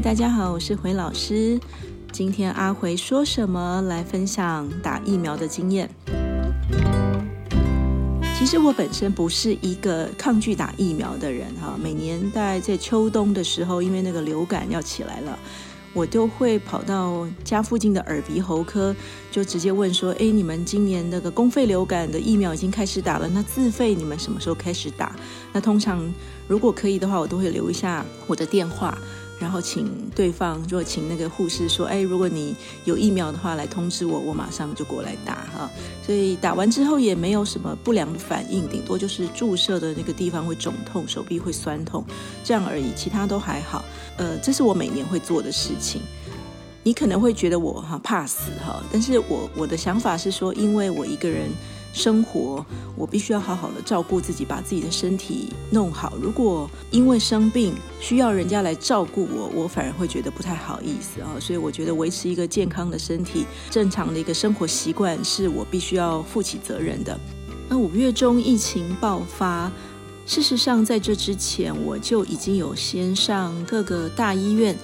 大家好，我是回老師。今天阿回說什麼來分享打疫苗的經驗？其實我本身不是一個抗拒打疫苗的人哈。每年大概在秋冬的時候，因為那個流感要起來了，我都會跑到家附近的耳鼻喉科，就直接問說：“哎、欸，你們今年那個公費流感的疫苗已經開始打了，那自費你們什麼時候開始打？”那通常如果可以的話，我都會留一下我的電話。然後請對方，如果請那個護士說，哎，如果你有疫苗的話，來通知我，我馬上就過來打哈。所以打完之後也沒有什麼不良的反應，頂多就是注射的那個地方會腫痛，手臂會痠痛，這樣而已，其他都還好。呃，這是我每年會做的事情。你可能會覺得我哈怕死哈，但是我我的想法是說，因為我一個人。生活，我必須要好好的照顧自己，把自己的身體弄好。如果因為生病需要人家來照顧我，我反而會覺得不太好意思啊。所以我覺得維持一個健康的身體，正常的一個生活習慣，是我必須要負起責任的。那五月中疫情爆發，事實上在這之前我就已經有先上各個大醫院。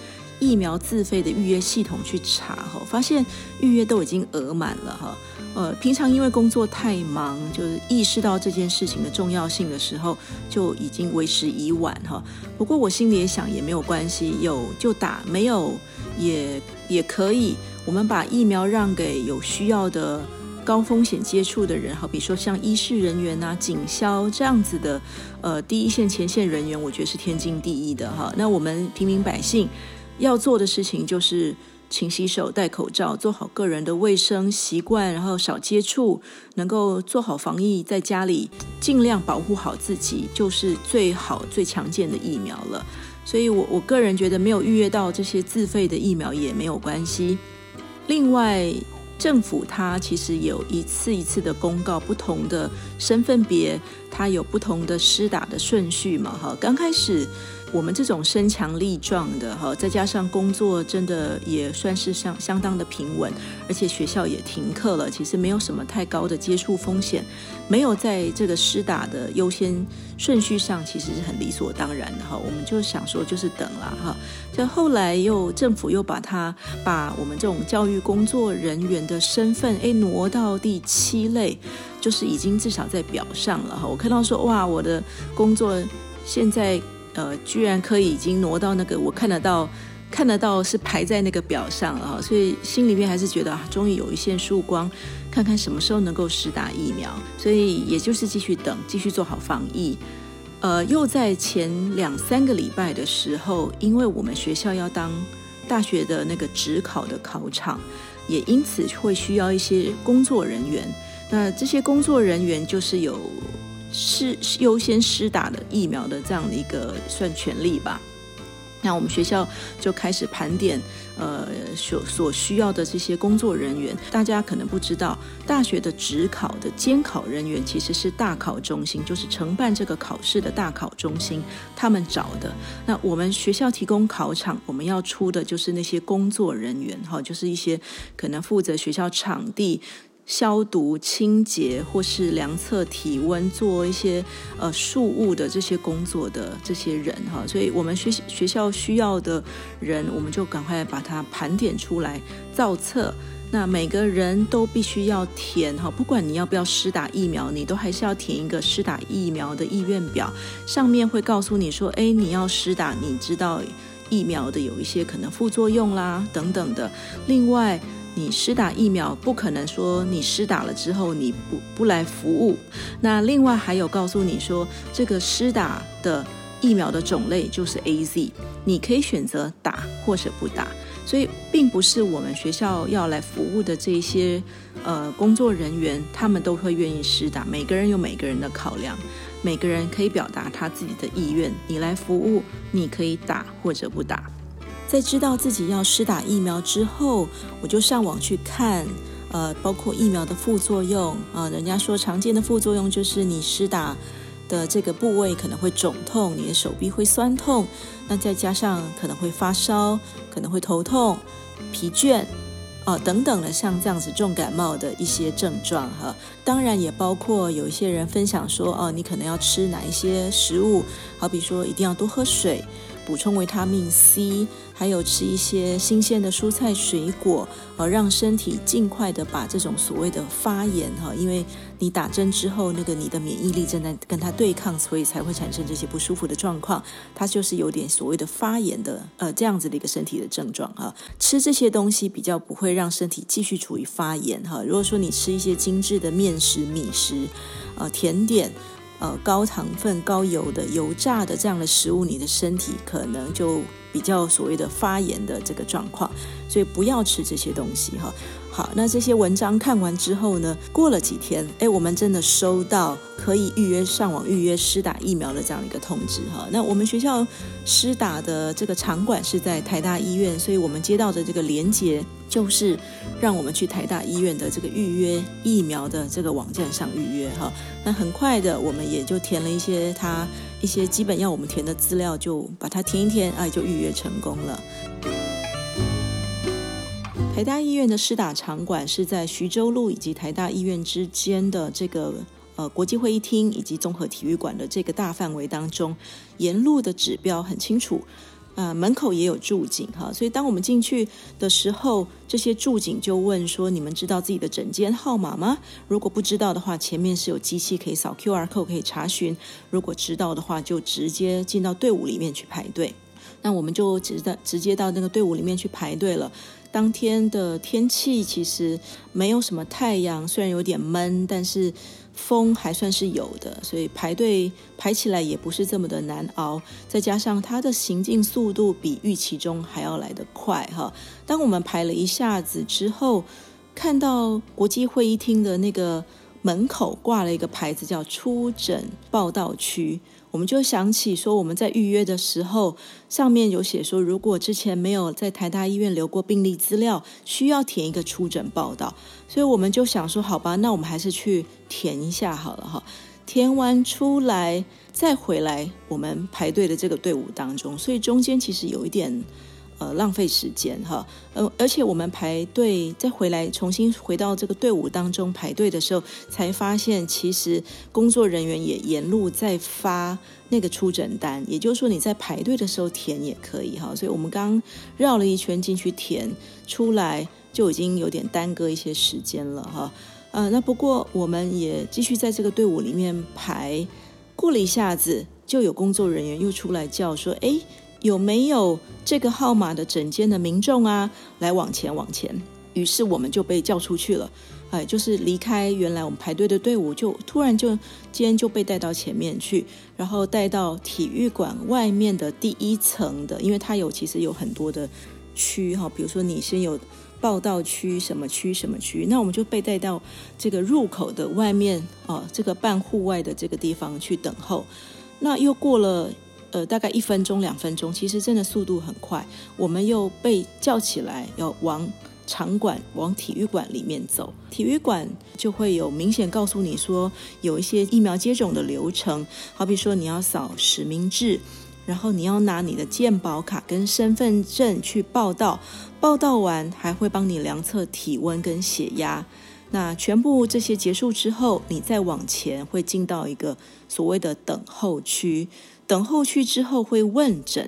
疫苗自費的預約系統去查哈，發現預約都已經額滿了哈。呃，平常因為工作太忙，就是意識到這件事情的重要性的時候，就已經為時已晚哈。不過我心裡也想，也沒有關係，有就打，沒有也也可以。我們把疫苗讓給有需要的高風險接觸的人，哈，比如說像醫事人員吶、啊、警消這樣子的呃第一線前線人員，我覺得是天經地義的哈。那我們平民百姓。要做的事情就是勤洗手、戴口罩，做好個人的衛生習慣，然後少接觸，能夠做好防疫，在家裡盡量保護好自己，就是最好最強健的疫苗了。所以我，我我個人覺得沒有預約到這些自費的疫苗也沒有關係。另外，政府它其實有一次一次的公告，不同的身份別，它有不同的施打的順序嘛。哈，剛開始。我們這種身強力壯的哈，再加上工作真的也算是相相當的平穩，而且學校也停課了，其實沒有什麼太高的接觸風險，沒有在這個施打的優先順序上，其實是很理所當然的哈。我們就想說，就是等了哈。這後來又政府又把它把我們這種教育工作人員的身份誒挪到第七類，就是已經至少在表上了哈。我看到說哇，我的工作現在。呃，居然可以已經挪到那個我看得到，看得到是排在那個表上了，所以心裡面還是覺得、啊、終於有一線曙光，看看什麼時候能夠施打疫苗，所以也就是繼續等，繼續做好防疫。呃，又在前兩三個禮拜的時候，因為我們學校要當大學的那個指考的考場，也因此會需要一些工作人員，那這些工作人員就是有。是優先施打的疫苗的這樣的一個算權利吧。那我們學校就開始盤點，呃，所所需要的這些工作人員。大家可能不知道，大學的指考的監考人員其實是大考中心，就是承辦這個考試的大考中心，他們找的。那我們學校提供考場，我們要出的就是那些工作人員哈，就是一些可能負責學校場地。消毒、清潔，或是量測體溫，做一些呃庶務的這些工作的這些人哈，所以我們學學校需要的人，我們就趕快把它盤點出來造冊。那每個人都必須要填哈，不管你要不要施打疫苗，你都還是要填一個施打疫苗的意願表。上面會告訴你說，誒，你要施打，你知道疫苗的有一些可能副作用啦等等的。另外。你施打疫苗不可能說你施打了之後你不不來服務。那另外還有告訴你說，這個施打的疫苗的種類就是 AZ，你可以選擇打或者不打。所以並不是我們學校要來服務的這些呃工作人員，他們都會願意施打。每個人有每個人的考量，每個人可以表達他自己的意願。你來服務，你可以打或者不打。在知道自己要施打疫苗之後，我就上網去看，呃，包括疫苗的副作用，啊、呃，人家說常見的副作用就是你施打的這個部位可能會腫痛，你的手臂會痠痛，那再加上可能會發燒，可能會頭痛、疲倦，啊、呃，等等的，像這樣子重感冒的一些症狀哈、呃。當然也包括有一些人分享說，哦、呃，你可能要吃哪一些食物，好比說一定要多喝水。補充維他命 C，還有吃一些新鮮的蔬菜水果，呃，讓身體儘快的把這種所謂的發炎哈、呃，因為你打針之後，那個你的免疫力正在跟它對抗，所以才會產生這些不舒服的狀況。它就是有點所謂的發炎的，呃，這樣子的一個身體的症狀哈、呃。吃這些東西比較不會讓身體繼續處於發炎哈、呃。如果說你吃一些精緻的麵食、米食，呃，甜點。呃，高糖分、高油的油炸的這樣的食物，你的身體可能就比較所謂的發炎的這個狀況，所以不要吃這些東西哈。好，那這些文章看完之後呢，過了幾天，哎，我們真的收到可以預約上網預約施打疫苗的這樣一個通知哈。那我們學校施打的這個場館是在台大醫院，所以我們接到的這個連接。就是讓我們去台大醫院的這個預約疫苗的這個網站上預約哈，那很快的，我們也就填了一些它一些基本要我們填的資料，就把它填一填，啊，就預約成功了。台大醫院的施打場館是在徐州路以及台大醫院之間的這個呃國際會議廳以及綜合體育館的這個大範圍當中，沿路的指標很清楚。啊、呃，門口也有駐警哈，所以當我們進去的時候，這些駐警就問說：“你們知道自己的診間號碼嗎？如果不知道的話，前面是有機器可以掃 QR code 可以查詢；如果知道的話，就直接進到隊伍裡面去排隊。那我們就直直接到那個隊伍裡面去排隊了。”當天的天氣其實沒有什麼太陽，雖然有點悶，但是風還算是有的，所以排隊排起來也不是這麼的難熬。再加上它的行進速度比預期中還要來得快哈。當我們排了一下子之後，看到國際會議廳的那個門口掛了一個牌子，叫初診報到區。我們就想起說，我們在預約的時候上面有寫說，如果之前沒有在台大醫院留過病歷資料，需要填一個初診報到。所以我們就想說，好吧，那我們還是去填一下好了哈。填完出來再回來，我們排隊的這個隊伍當中，所以中間其實有一點。呃，浪費時間哈，嗯，而且我們排隊再回來重新回到這個隊伍當中排隊的時候，才發現其實工作人員也沿路在發那個出診單，也就是說你在排隊的時候填也可以哈，所以我們剛繞了一圈進去填，出來就已經有點耽擱一些時間了哈，呃、嗯，那不過我們也繼續在這個隊伍裡面排過了一下子，就有工作人員又出來叫說，誒。有沒有這個號碼的診間的民眾啊？來往前往前，於是我們就被叫出去了，哎，就是離開原來我們排隊的隊伍就，就突然就間就被帶到前面去，然後帶到體育館外面的第一層的，因為它有其實有很多的區哈、哦，比如說你先有報道區、什麼區、什麼區，那我們就被帶到這個入口的外面哦，這個半戶外的這個地方去等候，那又過了。呃，大概一分鐘、兩分鐘，其實真的速度很快。我們又被叫起來，要往場館、往體育館裡面走。體育館就會有明顯告訴你說，有一些疫苗接種的流程，好比說你要掃實名制，然後你要拿你的健保卡跟身份證去報到。報到完還會幫你量測體溫跟血壓。那全部這些結束之後，你再往前會進到一個所謂的等候區。等候區之後會問診，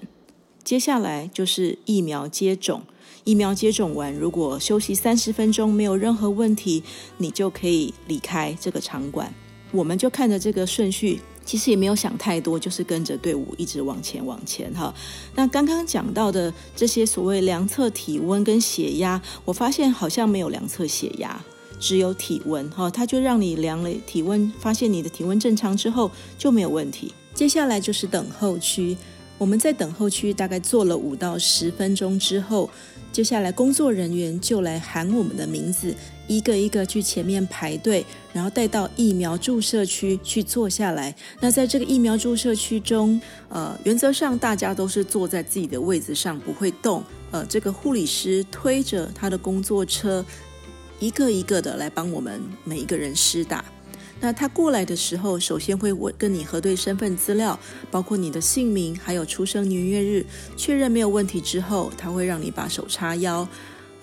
接下來就是疫苗接種。疫苗接種完，如果休息三十分鐘沒有任何問題，你就可以離開這個場館。我們就看着這個順序，其實也沒有想太多，就是跟着隊伍一直往前往前哈。那剛剛講到的這些所謂量測體溫跟血壓，我發現好像沒有量測血壓。只有體溫，哈，他就讓你量了體溫，發現你的體溫正常之後就沒有問題。接下來就是等候區，我們在等候區大概坐了五到十分鐘之後，接下來工作人員就來喊我們的名字，一個一個去前面排隊，然後帶到疫苗注射區去坐下來。那在這個疫苗注射區中，呃，原則上大家都是坐在自己的位置上，不會動。呃，這個護理師推着他的工作車。一個一個的來幫我們每一個人施打。那他過來的時候，首先會我跟你核對身份資料，包括你的姓名，還有出生年月日，確認沒有問題之後，他會讓你把手叉腰。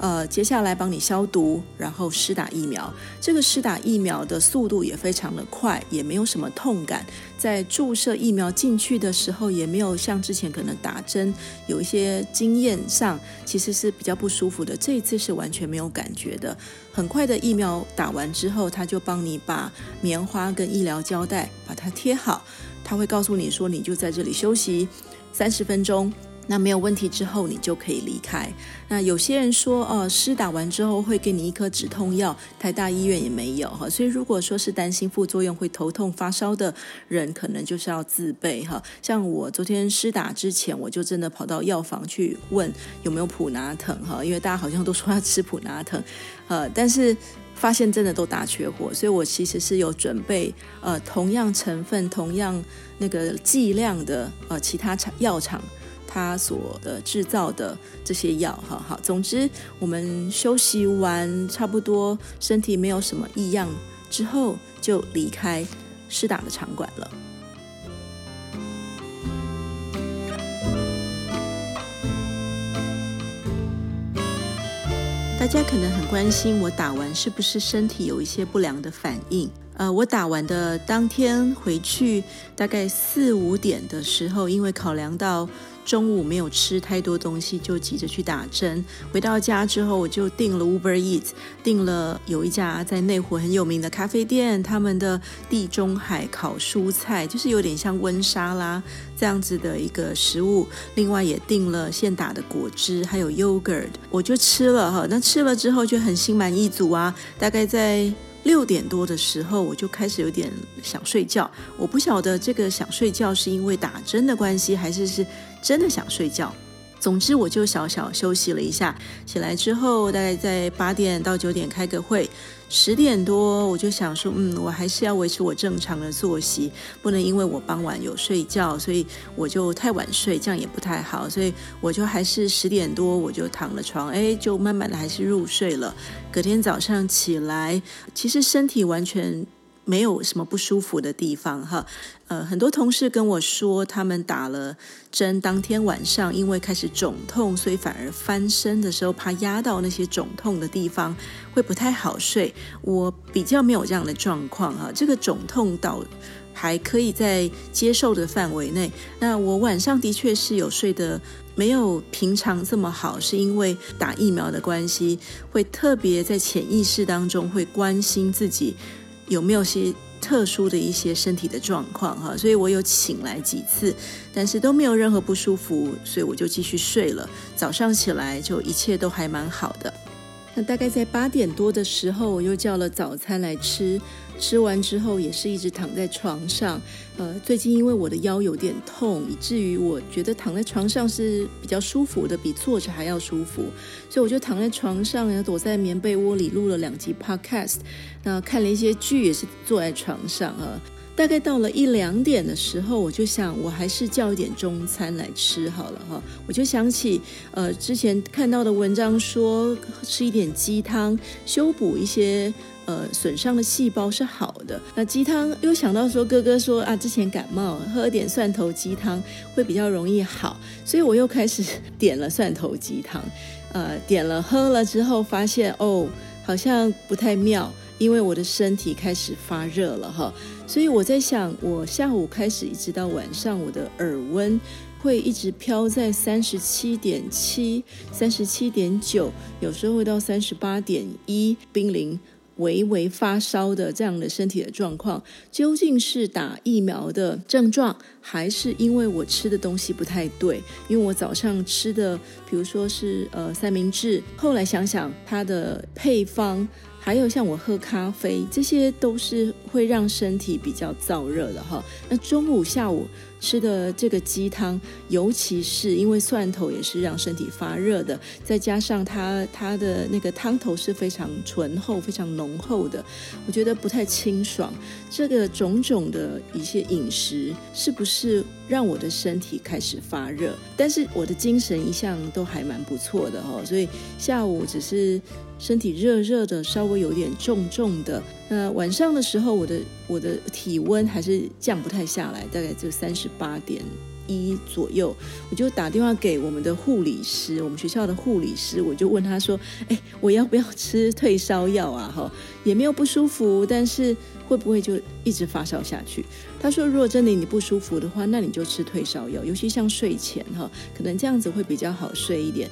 呃，接下來幫你消毒，然後施打疫苗。這個施打疫苗的速度也非常的快，也沒有什麼痛感。在注射疫苗進去的時候，也沒有像之前可能打針有一些經驗上其實是比較不舒服的。這一次是完全沒有感覺的。很快的疫苗打完之後，他就幫你把棉花跟醫療膠帶把它貼好。他會告訴你說，你就在這裡休息三十分鐘。那沒有問題之後，你就可以離開。那有些人說，呃，施打完之後會給你一顆止痛藥，台大醫院也沒有哈，所以如果說是擔心副作用會頭痛發燒的人，可能就是要自備哈。像我昨天施打之前，我就真的跑到藥房去問有沒有普拿疼哈，因為大家好像都說要吃普拿疼，呃，但是發現真的都打缺貨，所以我其實是有準備呃，同樣成分、同樣那個劑量的呃其他廠藥廠。他所的製造的這些藥，好好。總之，我們休息完，差不多身體沒有什麼異樣之後，就離開施打的場館了。大家可能很關心我打完是不是身體有一些不良的反應？呃，我打完的當天回去，大概四五點的時候，因為考量到。中午沒有吃太多東西，就急着去打針。回到家之後，我就訂了 Uber Eats，訂了有一家在內湖很有名的咖啡店，他們的地中海烤蔬菜，就是有點像溫沙拉，這樣子的一個食物。另外也訂了現打的果汁，還有 yogurt。我就吃了哈，那吃了之後就很心滿意足啊。大概在六點多的時候，我就開始有點想睡覺。我不曉得這個想睡覺是因為打針的關係，還是是。真的想睡覺，總之我就小小休息了一下。起來之後，大概在八點到九點開個會，十點多我就想說，嗯，我還是要維持我正常的作息，不能因為我傍晚有睡覺，所以我就太晚睡，這樣也不太好。所以我就還是十點多我就躺了床，哎，就慢慢的還是入睡了。隔天早上起來，其實身體完全。沒有什麼不舒服的地方哈，呃，很多同事跟我說，他們打了針，當天晚上因為開始腫痛，所以反而翻身的時候怕壓到那些腫痛的地方，會不太好睡。我比較沒有這樣的狀況哈，這個腫痛倒還可以在接受的範圍內。那我晚上的確是有睡得沒有平常這麼好，是因為打疫苗的關係，會特別在潛意識當中會關心自己。有沒有些特殊的一些身體的狀況哈？所以我有醒來幾次，但是都沒有任何不舒服，所以我就繼續睡了。早上起來就一切都還蠻好的。那大概在八點多的時候，我又叫了早餐來吃。吃完之後也是一直躺在床上，呃，最近因為我的腰有點痛，以至於我覺得躺在床上是比較舒服的，比坐着還要舒服，所以我就躺在床上，然後躲在棉被窩裡錄了兩集 Podcast，那看了一些劇也是坐在床上啊。大概到了一兩點的時候，我就想，我還是叫一點中餐來吃好了哈。我就想起，呃，之前看到的文章說，吃一點雞湯修補一些呃損傷的細胞是好的。那雞湯又想到說，哥哥說啊，之前感冒喝點蒜頭雞湯會比較容易好，所以我又開始點了蒜頭雞湯，呃，點了喝了之後發現哦，好像不太妙。因為我的身體開始發熱了哈，所以我在想，我下午開始一直到晚上，我的耳溫會一直飄在三十七點七、三十七點九，有時候會到三十八點一，瀕臨微微發燒的這樣的身體的狀況，究竟是打疫苗的症狀，還是因為我吃的東西不太對？因為我早上吃的，比如說是呃三明治，後來想想它的配方。還有像我喝咖啡，這些都是會讓身體比較燥熱的哈。那中午、下午，吃的這個雞湯，尤其是因為蒜頭也是讓身體發熱的，再加上它它的那個湯頭是非常醇厚，非常濃厚的，我覺得不太清爽。這個種種的一些飲食，是不是讓我的身體開始發熱？但是我的精神一向都還蠻不錯的哦。所以下午只是身體熱熱的，稍微有點重重的。那晚上的時候，我的我的體溫還是降不太下來，大概就三十。八點一左右，我就打電話給我們的護理師，我們學校的護理師，我就問他說：“欸，我要不要吃退燒藥啊？哈，也沒有不舒服，但是會不會就一直發燒下去？”他說：“如果真的你不舒服的話，那你就吃退燒藥，尤其像睡前哈，可能這樣子會比較好睡一點。”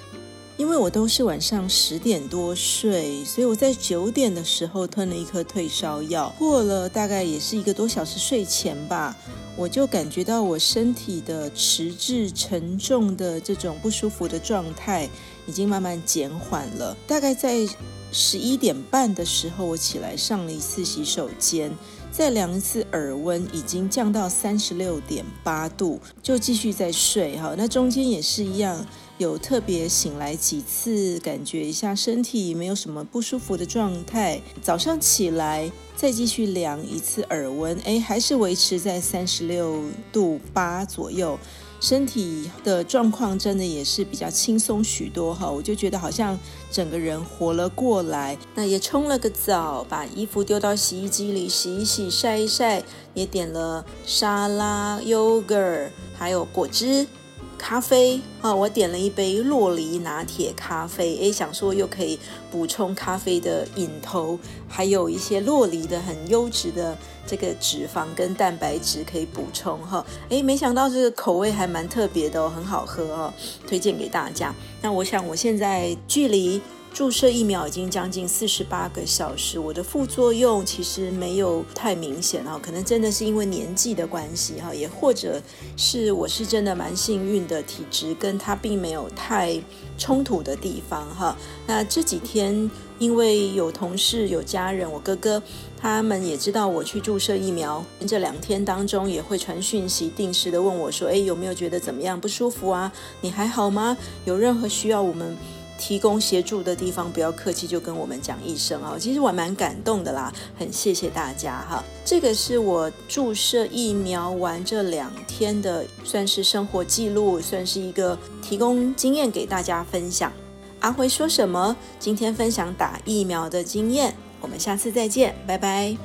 因為我都是晚上十點多睡，所以我在九點的時候吞了一顆退燒藥。過了大概也是一個多小時睡前吧，我就感覺到我身體的遲滯沉重的這種不舒服的狀態已經慢慢減緩了。大概在十一點半的時候，我起來上了一次洗手間，再量一次耳溫，已經降到三十六點八度，就繼續再睡哈。那中間也是一樣。有特別醒來幾次，感覺一下身體沒有什麼不舒服的狀態。早上起來再繼續量一次耳溫，誒，還是維持在三十六度八左右。身體的狀況真的也是比較輕鬆許多哈，我就覺得好像整個人活了過來。那也沖了個澡，把衣服丟到洗衣機裡洗一洗，曬一曬，也點了沙拉、yogurt，還有果汁。咖啡我點了一杯酪梨拿鐵咖啡誒，想說又可以補充咖啡的癮頭，還有一些酪梨的很優質的這個脂肪跟蛋白質可以補充哈，誒，沒想到這個口味還蠻特別的，很好喝哦，推薦給大家。那我想我現在距離。注射疫苗已經將近四十八個小時，我的副作用其實沒有太明顯啊，可能真的是因為年紀的關係哈，也或者是我是真的蠻幸運的，體質跟他並沒有太衝突的地方哈。那這幾天因為有同事、有家人，我哥哥他們也知道我去注射疫苗，這兩天當中也會傳訊息，定時的問我說：“誒，有沒有覺得怎麼樣不舒服啊？你還好嗎？有任何需要我們？”提供協助的地方，不要客氣，就跟我們講一聲啊！其實我蠻感動的啦，很謝謝大家哈。這個是我注射疫苗完這兩天的，算是生活記錄，算是一個提供經驗給大家分享。阿、啊、輝說什麼？今天分享打疫苗的經驗，我們下次再見，拜拜。